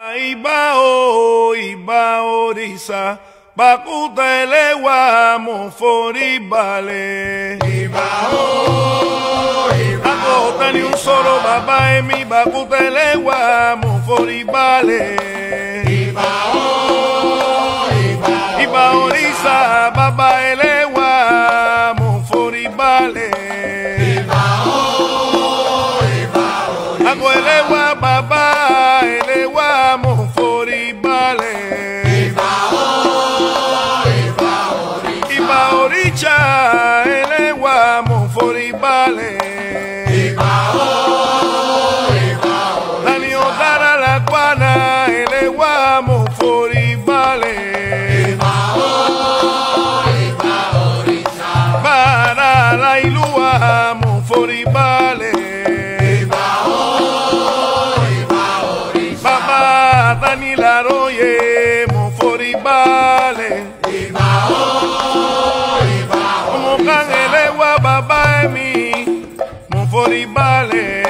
Iba o, iba orisa, pàkúta elewa mo forí balẹ̀. Ìbà o, iba òrìṣà. Akọ̀ọ̀tà ni ń sọ̀rọ̀ bàbá ẹ̀mí, pàkúta ẹlẹ́wà mo forí balẹ̀. o, iba orisa, Ìbà forí bá. Bali Bali.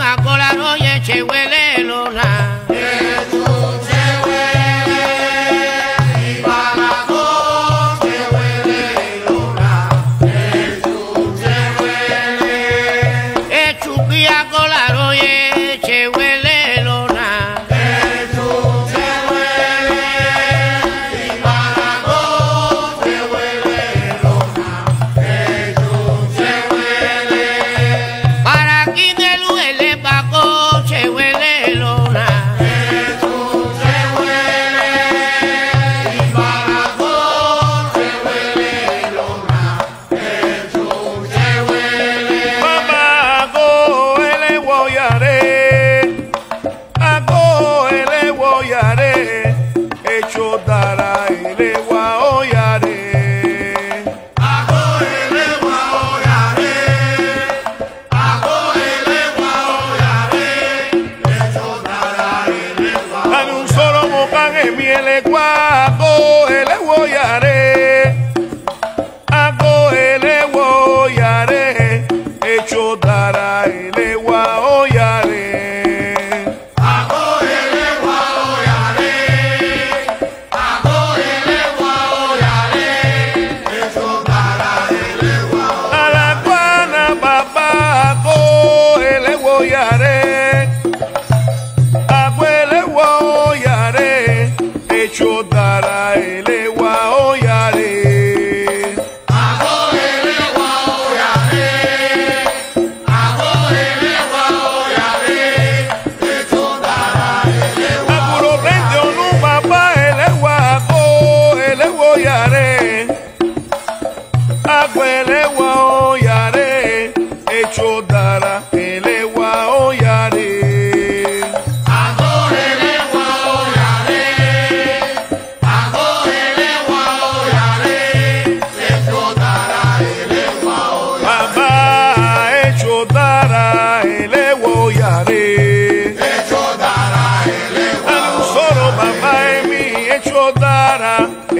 aku I go. gente odara